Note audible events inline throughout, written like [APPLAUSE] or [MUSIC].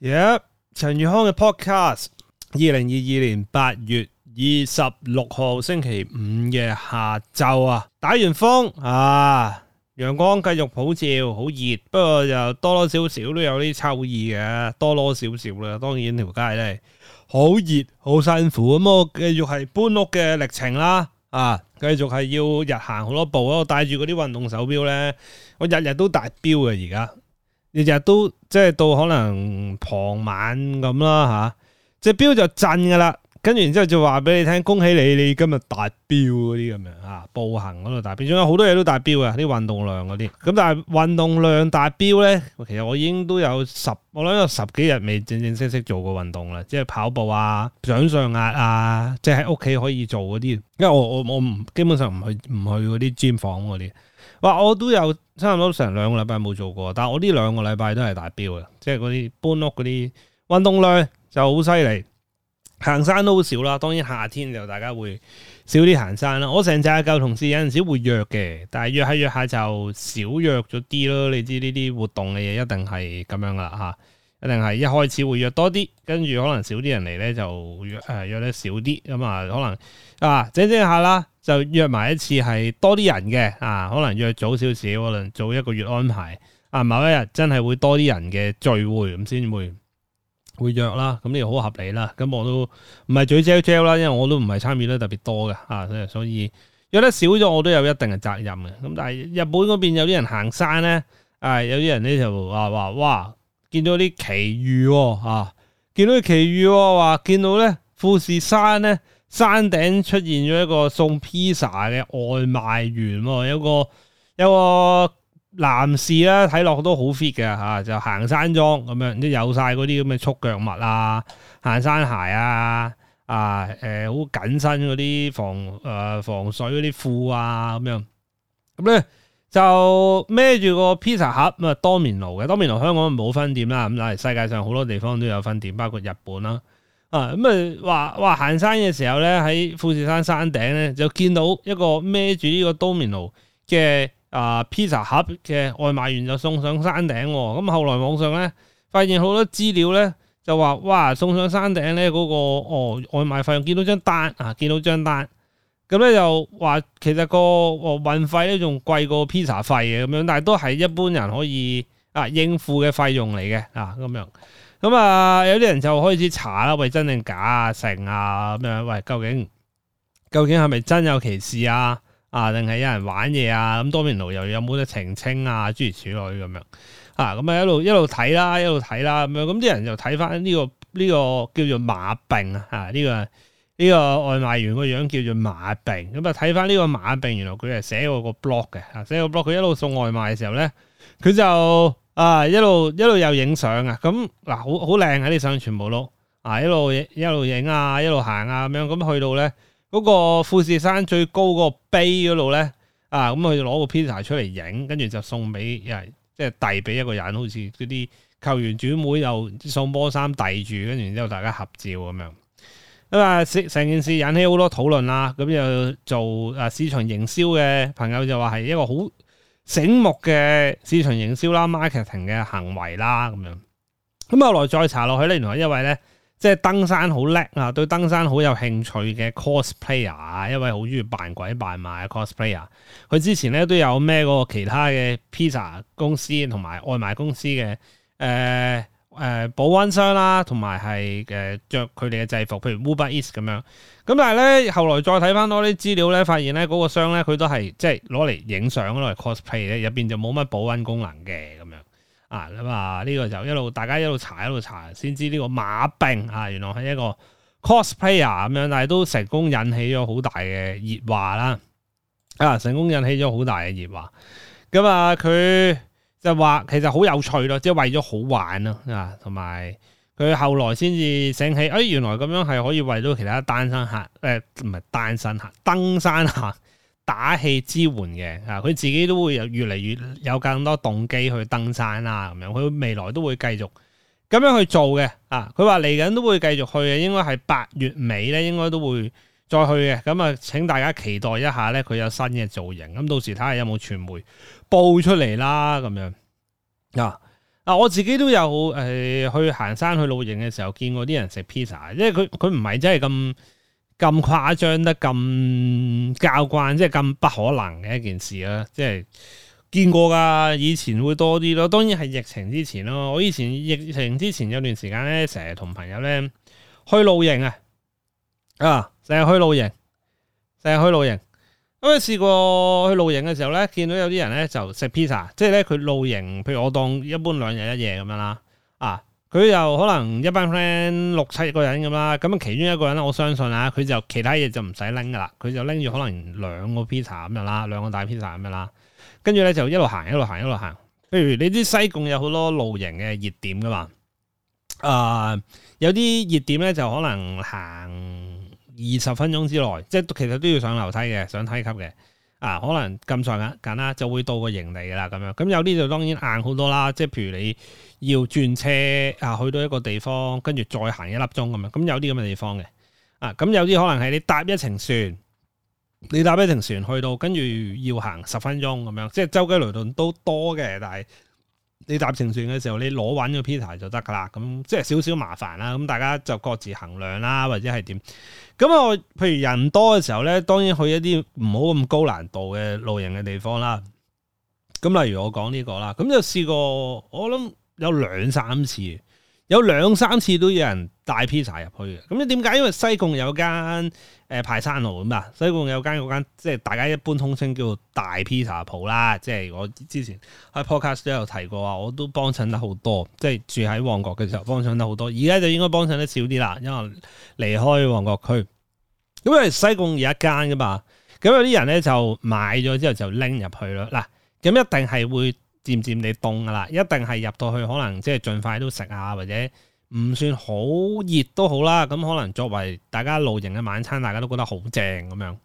Yep，陳宇康嘅 podcast，二零二二年八月二十六號星期五嘅下晝啊，打完風啊，陽光繼續普照，好熱，不過又多多少少都有啲秋意嘅，多多少少啦。當然條街咧好熱，好辛苦。咁我繼續係搬屋嘅歷程啦，啊，繼續係要日行好多步咯。我帶住嗰啲運動手錶咧，我日日都達標嘅而家。日日都即係到可能傍晚咁啦吓，隻、啊、表就震噶啦。跟住，然之後就話俾你聽，恭喜你，你今日達標嗰啲咁樣啊，步行嗰度達標，仲有好多嘢都達標啊，啲運動量嗰啲。咁但係運動量達標咧，其實我已經都有十，我諗有十幾日未正正式式做過運動啦，即係跑步啊、掌上壓啊，即係喺屋企可以做嗰啲。因為我我我唔基本上唔去唔去嗰啲 gym 房嗰啲。哇，我都有差唔多成兩個禮拜冇做過，但係我呢兩個禮拜都係達標嘅，即係嗰啲搬屋嗰啲運動量就好犀利。行山都好少啦，當然夏天就大家會少啲行山啦。我成紮舊同事有陣時會約嘅，但係約下約下就少約咗啲咯。你知呢啲活動嘅嘢一定係咁樣啦吓，一定係一開始會約多啲，跟住可能少啲人嚟咧就約誒約得少啲，咁啊可能啊整整下啦，就約埋一次係多啲人嘅啊，可能約早少少可能早一個月安排啊，某一日真係會多啲人嘅聚會咁先會。會約啦，咁呢個好合理啦，咁我都唔係嘴嚼嚼啦，因為我都唔係參與得特別多嘅啊，所以約得少咗，我都有一定嘅責任嘅。咁但係日本嗰邊有啲人行山咧，啊、哎、有啲人咧就話話哇，見到啲奇遇喎、哦、啊，見到啲奇遇喎、哦，話見到咧富士山咧，山頂出現咗一個送披薩嘅外賣員、哦，有個有個。有男士啦，睇落都好 fit 嘅嚇，就行山裝咁樣，即係有晒嗰啲咁嘅束腳襪啊、行山鞋啊、啊誒好緊身嗰啲防誒、啊、防水嗰啲褲啊咁樣。咁咧就孭住個披薩盒咁啊，多棉爐嘅多棉爐香港冇分店啦，咁但世界上好多地方都有分店，包括日本啦啊咁啊話話、嗯、行山嘅時候咧，喺富士山山頂咧就見到一個孭住呢個多棉爐嘅。啊！披薩盒嘅外賣員就送上山頂喎，咁後來網上咧發現好多資料咧就話哇，送上山頂咧嗰個哦外賣費用見到張單啊，見到張單，咁咧就話其實個哦運費咧仲貴過披薩費嘅咁樣，但係都係一般人可以啊應付嘅費用嚟嘅啊咁樣，咁啊有啲人就開始查啦，喂真定假啊成啊咁樣，喂究竟究竟係咪真有其事啊？啊，定係有人玩嘢啊？咁多面爐又有冇得澄清啊？諸如此類咁樣啊？咁、嗯、啊一路一路睇啦，一路睇啦咁樣。咁、嗯、啲人就睇翻呢個呢、這個叫做馬病啊？呢、這個呢、這個外賣員個樣叫做馬病。咁啊睇翻呢個馬病，原來佢係寫個個 blog 嘅，啊，寫個 blog 佢一路送外賣嘅時候咧，佢就啊一路一路有影相啊。咁嗱，好好靚喺啲相，嗯啊啊、全部都啊一路一路影啊，一路、啊、行啊咁樣，咁、嗯、去到咧。嗰個富士山最高嗰個碑嗰度咧，啊咁佢攞個披薩出嚟影，跟住就送俾，即係遞俾一個人，好似啲球員轉會又送波衫遞住，跟住然之後大家合照咁樣。咁啊成件事引起好多討論啦，咁、啊、又、嗯、做啊市場營銷嘅朋友就話係一個好醒目嘅市場營銷啦、marketing 嘅行為啦咁樣。咁、啊、後來再查落去咧，原來一位咧。即係登山好叻啊！對登山好有興趣嘅 cosplayer，啊，一位好中意扮鬼扮馬嘅 cosplayer。佢之前咧都有咩個其他嘅 pizza 公司同埋外賣公司嘅誒誒保溫箱啦，同埋係誒着佢哋嘅制服，譬如 Uber Eats 咁樣。咁但係咧後來再睇翻多啲資料咧，發現咧嗰個箱咧佢都係即係攞嚟影相，攞嚟 cosplay 咧，入邊就冇乜保溫功能嘅。啊咁啊呢個就一路大家一路查一路查，先知呢個馬病。啊，原來係一個 cosplayer 咁樣，但係都成功引起咗好大嘅熱話啦。啊，成功引起咗好大嘅熱話。咁啊，佢就話其實好有趣咯，即係為咗好玩咯啊，同埋佢後來先至醒起，哎，原來咁樣係可以為到其他單身客，誒、呃，唔係單身客，登山客。打氣支援嘅，啊，佢自己都會有越嚟越有更多動機去登山啦，啊，咁樣佢未來都會繼續咁樣去做嘅，啊，佢話嚟緊都會繼續去嘅，應該係八月尾咧，應該都會再去嘅，咁啊，請大家期待一下咧，佢有新嘅造型，咁到時睇下有冇傳媒報出嚟啦，咁樣，嗱，嗱，我自己都有誒去行山去露營嘅時候，見過啲人食 pizza，即係佢佢唔係真係咁。咁誇張得咁教慣，即係咁不可能嘅一件事啦，即係見過㗎。以前會多啲咯，當然係疫情之前咯。我以前疫情之前有段時間咧，成日同朋友咧去露營啊，啊，成日去露營，成日去露營。因為，啊，試過去露營嘅時候咧，見到有啲人咧就食 pizza，即係咧佢露營，譬如我當一般兩日一夜咁樣啦，啊。佢就可能一班 friend 六七個人咁啦，咁其中一個人啦，我相信啊，佢就其他嘢就唔使拎噶啦，佢就拎住可能兩個 pizza 咁樣啦，兩個大 pizza 咁樣啦，跟住咧就一路行一路行一路行。譬如你知西貢有好多露營嘅熱點噶嘛，啊、呃、有啲熱點咧就可能行二十分鐘之內，即係其實都要上樓梯嘅，上梯級嘅。啊，可能咁上下，簡單就會到個營地㗎喇，咁樣咁有啲就當然硬好多啦，即係譬如你要轉車啊，去到一個地方，跟住再行一粒鐘咁樣，咁有啲咁嘅地方嘅，啊咁有啲可能係你搭一程船，你搭一程船去到，跟住要行十分鐘咁樣，即係周街雷頓都多嘅，但係。你搭乘船嘅時候，你攞穩個 Peter 就得噶啦，咁即係少少麻煩啦。咁大家就各自衡量啦，或者係點。咁啊，譬如人多嘅時候咧，當然去一啲唔好咁高難度嘅露營嘅地方啦。咁例如我講呢個啦，咁就試過我諗有兩三次。有兩三次都有人帶披 i 入去嘅，咁你點解？因為西貢有間誒、呃、排山路啊嘛，西貢有間嗰間即係大家一般通稱叫大披 i z 啦，即係我之前喺 podcast 都有提過啊，我都幫襯得好多，即係住喺旺角嘅時候幫襯得好多，而家就應該幫襯得少啲啦，因為離開旺角區。咁因為西貢有一間嘅嘛，咁有啲人咧就買咗之後就拎入去咯，嗱，咁一定係會。漸漸地凍噶啦，一定係入到去，可能即係盡快都食啊，或者唔算熱好熱都好啦。咁可能作為大家露營嘅晚餐，大家都覺得好正咁樣。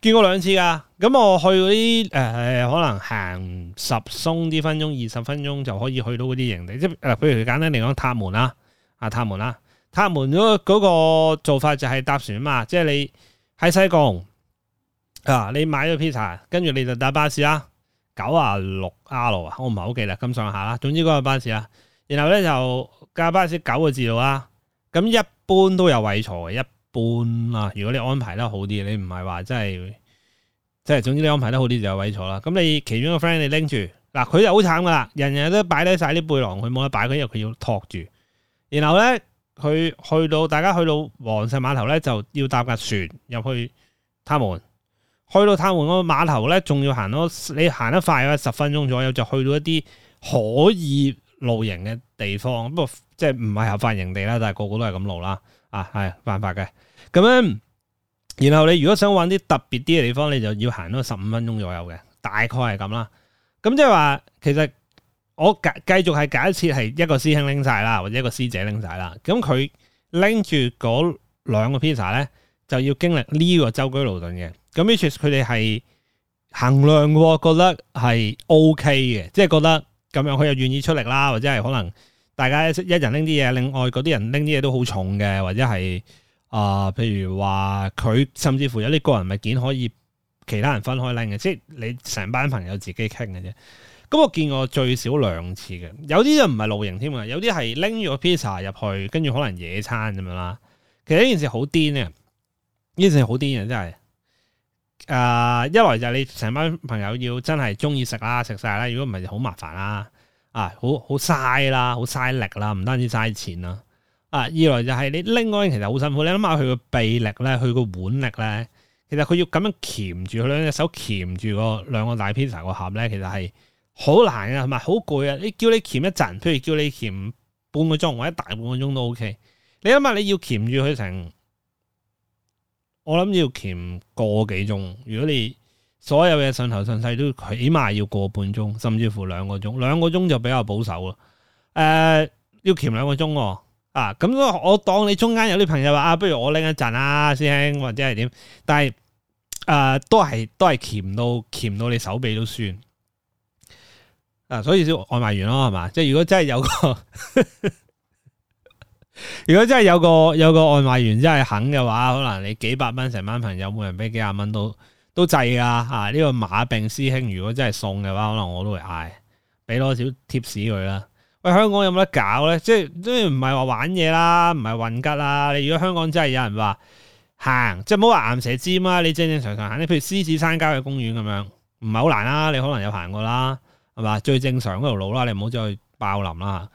見過兩次噶，咁我去嗰啲誒誒，可能行十鬆啲分鐘、二十分鐘就可以去到嗰啲營地。即係誒，呃、譬如簡單嚟講，塔門啦、啊，啊塔門啦，塔門嗰、啊、個做法就係搭船啊嘛，即係你喺西貢啊，你買咗披薩，跟住你就搭巴士啦、啊。九啊六 R 啊，我唔係好記得咁上下啦。總之嗰個巴士啦，然後咧就架巴士九個字度啦。咁一般都有位坐嘅，一般啦、啊。如果你安排得好啲，你唔係話真係，即係總之你安排得好啲就有位坐啦。咁你其中一個 friend 你拎住嗱，佢就好慘噶啦，人人都擺低晒啲背囊，佢冇得擺，因為佢要托住。然後咧，佢去到大家去到黃石碼頭咧，就要搭架船入去塔門。去到屯門個碼頭咧，仲要行咯。你行得快嘅，十分鐘左右就去到一啲可以露營嘅地方。不過即係唔係合法營地啦，但係個個都係咁露啦。啊，係犯法嘅。咁樣，然後你如果想揾啲特別啲嘅地方，你就要行多十五分鐘左右嘅，大概係咁啦。咁、嗯、即係話，其實我繼續假繼續係假設係一個師兄拎晒啦，或者一個師姐拎晒啦。咁佢拎住嗰兩個 pizza 咧，就要經歷呢個舟車勞頓嘅。咁於是佢哋係衡量喎，覺得係 OK 嘅，即係覺得咁樣佢又願意出力啦，或者係可能大家一人拎啲嘢，另外嗰啲人拎啲嘢都好重嘅，或者係啊、呃，譬如話佢甚至乎有啲個人物件可以其他人分開拎嘅，即係你成班朋友自己傾嘅啫。咁我見過最少兩次嘅，有啲就唔係露營添啊，有啲係拎咗個披薩入去，跟住可能野餐咁樣啦。其實呢件事好癲嘅，呢件事好癲嘅真係。誒、呃、一來就係你成班朋友要真係中意食啦，食晒啦。如果唔係，就好麻煩啦，啊，好好嘥啦，好嘥力啦，唔單止嘥錢啦。啊，二來就係你拎嗰其實好辛苦。你諗下佢個臂力咧，佢個腕力咧，其實佢要咁樣鉗住佢兩隻手鉗住個兩個大 pizza 個盒咧，其實係好難嘅，係咪好攰啊？你叫你鉗一陣，譬如叫你鉗半個鐘或者大半個鐘都 OK。你諗下你要鉗住佢成。我諗要鉗個幾鐘，如果你所有嘅上頭上細都起碼要過半鐘，甚至乎兩個鐘，兩個鐘就比較保守啦。誒、呃，要鉗兩個鐘、哦、啊！咁我當你中間有啲朋友話啊，不如我拎一陣啊，師兄或者係點，但係誒、呃、都係都係鉗到鉗到你手臂都酸啊！所以小外賣員咯，係嘛？即係如果真係有個。 [LAUGHS] 如果真係有個有個外賣員真係肯嘅話，可能你幾百蚊成班朋友每人俾幾廿蚊都都制噶吓。呢、啊這個馬病師兄如果真係送嘅話，可能我都會嗌俾多少貼士佢啦。喂，香港有冇得搞咧？即係即係唔係話玩嘢啦，唔係混吉啦。你如果香港真係有人話行，即係唔好話岩蛇尖啊，你正正常常行，你譬如獅子山郊野公園咁樣，唔係好難啦。你可能有行過啦，係嘛？最正常嗰條路啦，你唔好再去爆林啦。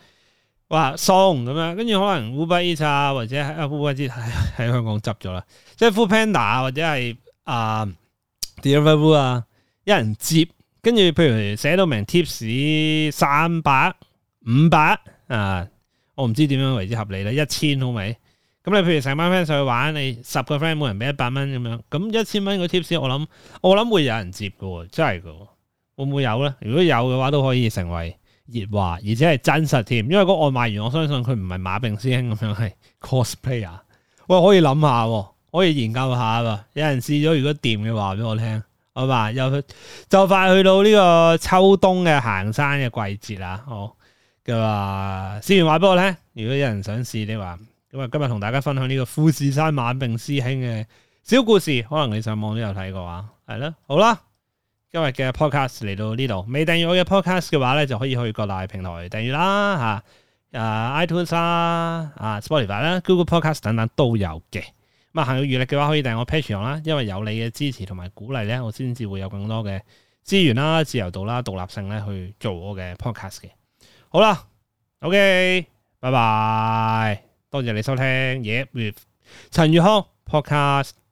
哇！送咁樣，跟住可能 Uber Eats 啊，或者 Uber Eats 喺香港執咗啦，即係 Food Panda 啊，或者係啊 Delivery 啊，有 The 人接，跟住譬如寫到名 tips 三百五百啊，我唔知點樣為之合理咧，一千好未？咁你譬如成班 friend 上去玩，你十個 friend 每人俾一百蚊咁樣，咁一千蚊個 tips，我諗我諗會有人接嘅，真係嘅，會唔會有咧？如果有嘅話，都可以成為。熱話，而且係真實添，因為嗰外賣員，我相信佢唔係馬病師兄咁樣，係 cosplayer。喂，可以諗下，可以研究下噃。有人試咗如果掂嘅話，俾我聽，好嘛？又就快去到呢個秋冬嘅行山嘅季節啦，好，嘅話，試完話俾我聽。如果有人想試，你話咁啊，今日同大家分享呢個富士山馬病師兄嘅小故事，可能你上網都有睇過啊。係啦，好啦。今日嘅 podcast 嚟到呢度，未訂閱我嘅 podcast 嘅話咧，就可以去各大平台訂閱啦，吓、啊，誒，iTunes 啦，啊，Spotify 啦，Google Podcast 等等都有嘅。咁啊，行有餘力嘅話，可以訂閱我 page 上啦，因為有你嘅支持同埋鼓勵咧，我先至會有更多嘅資源啦、自由度啦、獨立性咧去做我嘅 podcast 嘅。好啦，OK，拜拜，多謝你收聽 t h 陳宇康 podcast。